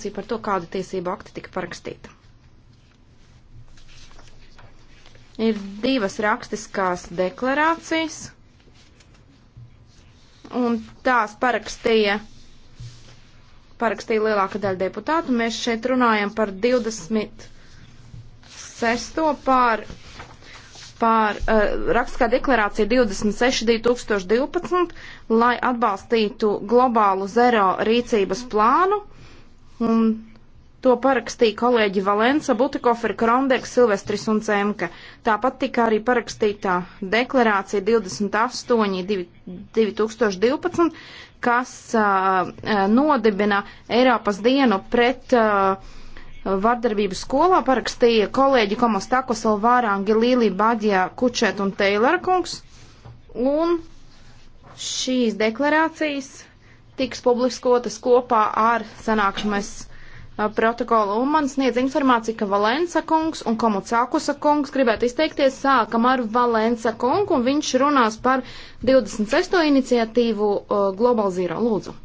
informāciju par to, kāda tiesība akti tika parakstīta. Ir divas rakstiskās deklarācijas, un tās parakstīja, parakstīja lielāka daļa deputātu. Mēs šeit runājam par 26. pār par uh, eh, rakstiskā deklarācija 26.2012, lai atbalstītu globālu zero rīcības plānu un to parakstīja kolēģi Valensa, Butikofer, Krondeks, Silvestris un Cemke. Tāpat tika arī parakstītā deklarācija 28 2012, kas uh, nodibina Eiropas dienu pret uh, Vardarbību skolā parakstīja kolēģi Komos Takos, Alvāra, Angelīlī, Badjā, Kučet un Teilera kungs. Un šīs deklarācijas tiks publiskotas kopā ar sanākšanas protokolu. Un man sniedz informāciju, ka Valensa kungs un Komucākusa kungs gribētu izteikties. Sākam ar Valensa kungu, un viņš runās par 26. iniciatīvu Global Zero. Lūdzu.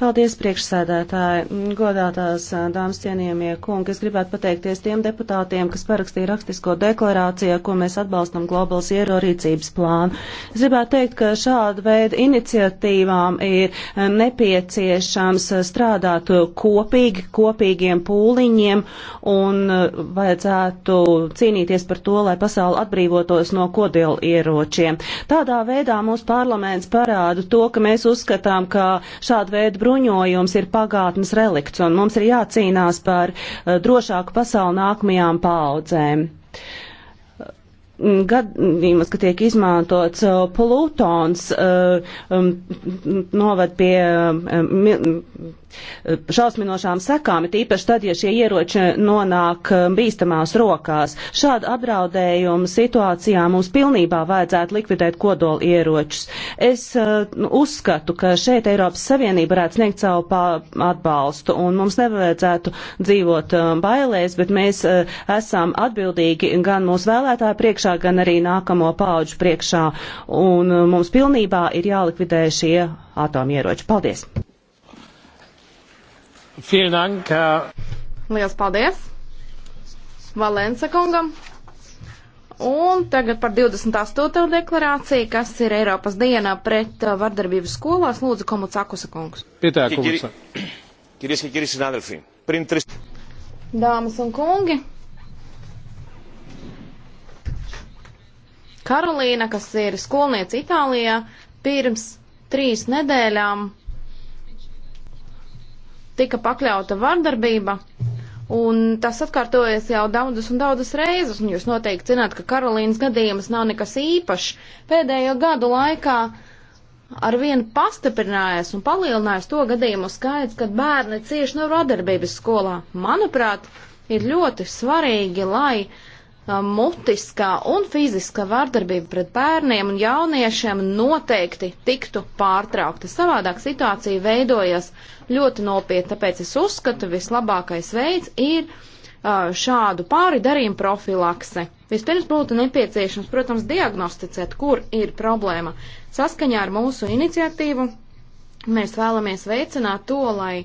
Paldies, priekšsēdētāji, godātās dāmas cienījamie kungi. Es gribētu pateikties tiem deputātiem, kas parakstīja rakstisko deklarāciju, ko mēs atbalstam globālas ierorīcības plānu. Es gribētu teikt, ka šāda veida iniciatīvām ir nepieciešams strādāt kopīgi, kopīgiem pūliņiem un vajadzētu cīnīties par to, lai pasauli atbrīvotos no kodieru ieročiem. Tādā veidā mūsu parlaments parāda to, ka mēs uzskatām, ka šāda veida bruņojums ir pagātnes relikts un mums ir jācīnās par eh, drošāku pasauli nākamajām paudzēm gadījumos, ka tiek izmantots eh, plutons, eh, novad pie šausminošām sekām, it īpaši tad, ja šie ieroči nonāk eh, bīstamās rokās. Šādu apdraudējumu situācijā mums pilnībā vajadzētu likvidēt kodoli ieročus. Es uh, uzskatu, ka šeit Eiropas Savienība varētu sniegt savu atbalstu, un mums nevajadzētu dzīvot uh, bailēs, bet mēs uh, esam atbildīgi gan mūsu vēlētāju priekšā, gan arī nākamo pauģu priekšā, un mums pilnībā ir jālikvidē šie atomieroči. Paldies! Dank, uh... Liels paldies Valence kungam. Un tagad par 28. deklarāciju, kas ir Eiropas dienā pret uh, vardarbību skolās. Lūdzu, komu cakusa kungs. Pietā, kungs. Kirīs, kirīs, nādelfī. Printris. Dāmas un kungi. Karolīna, kas ir skolniece Itālijā, pirms trīs nedēļām tika pakļauta vardarbība, un tas atkārtojas jau daudzas un daudzas reizes, un jūs noteikti zināt, ka Karolīnas gadījums nav nekas īpašs. Pēdējo gadu laikā ar vienu pastiprinājies un palielinājies to gadījumu skaits, kad bērni cieši no vardarbības skolā. Manuprāt, ir ļoti svarīgi, lai mutiskā un fiziskā vardarbība pret bērniem un jauniešiem noteikti tiktu pārtraukta. Savādāk situācija veidojas ļoti nopietni, tāpēc es uzskatu, vislabākais veids ir šādu pāri darījumu profilakse. Vispirms būtu nepieciešams, protams, diagnosticēt, kur ir problēma. Saskaņā ar mūsu iniciatīvu mēs vēlamies veicināt to, lai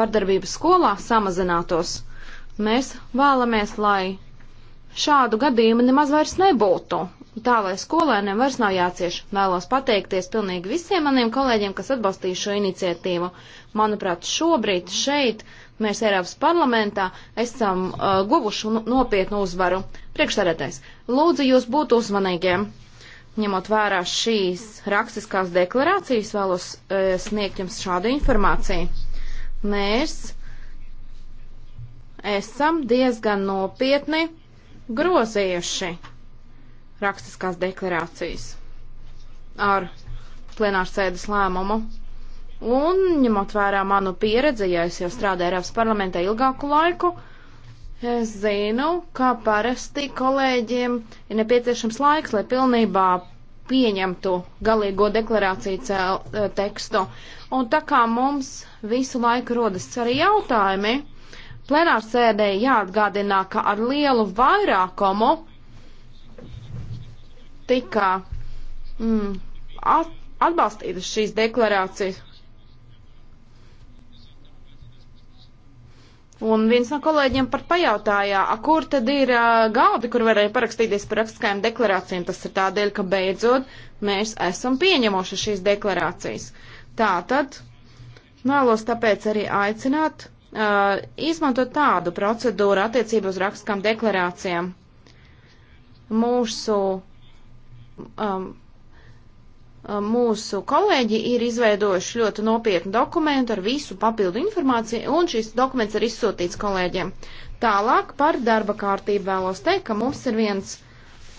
vardarbības skolā samazinātos. Mēs vēlamies, lai šādu gadījumu nemaz vairs nebūtu. Tā lai skolēniem vairs nav jācieš. Vēlos pateikties pilnīgi visiem maniem kolēģiem, kas atbalstīja šo iniciatīvu. Manuprāt, šobrīd šeit mēs Eiropas parlamentā esam uh, guvuši nopietnu uzvaru. Priekšsēdētais, lūdzu jūs būt uzmanīgiem. Ņemot vērā šīs rakstiskās deklarācijas, vēlos uh, sniegt jums šādu informāciju. Mēs esam diezgan nopietni grozījuši rakstiskās deklarācijas ar plenārsēdes lēmumu. Un, ņemot vērā manu pieredzi, ja es jau strādāju Eiropas parlamentā ilgāku laiku, es zinu, ka parasti kolēģiem ir nepieciešams laiks, lai pilnībā pieņemtu galīgo deklarāciju cēl, eh, tekstu. Un tā kā mums visu laiku rodas arī jautājumi, plenārsēdē jāatgādinā, ka ar lielu vairākumu tika mm, at, atbalstītas šīs deklarācijas. Un viens no kolēģiem pat pajautājā, a, kur tad ir uh, galdi, kur varēja parakstīties par rakstiskajām deklarācijām. Tas ir tādēļ, ka beidzot mēs esam pieņemoši šīs deklarācijas. Tātad vēlos tāpēc arī aicināt uh, izmantot tādu procedūru attiecību uz rakstiskām deklarācijām. Mūsu, um, mūsu kolēģi ir izveidojuši ļoti nopietnu dokumentu ar visu papildu informāciju, un šis dokuments ir izsūtīts kolēģiem. Tālāk par darba kārtību vēlos teikt, ka mums ir viens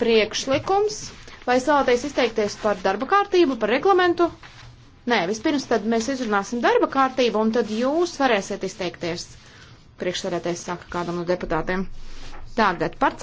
priekšlikums. Vai vēlaties izteikties par darba kārtību, par reglamentu? Nē, vispirms tad mēs izrunāsim darba kārtību, un tad jūs varēsiet izteikties. Priekšsēdētājs saka kādam no deputātiem. Tagad par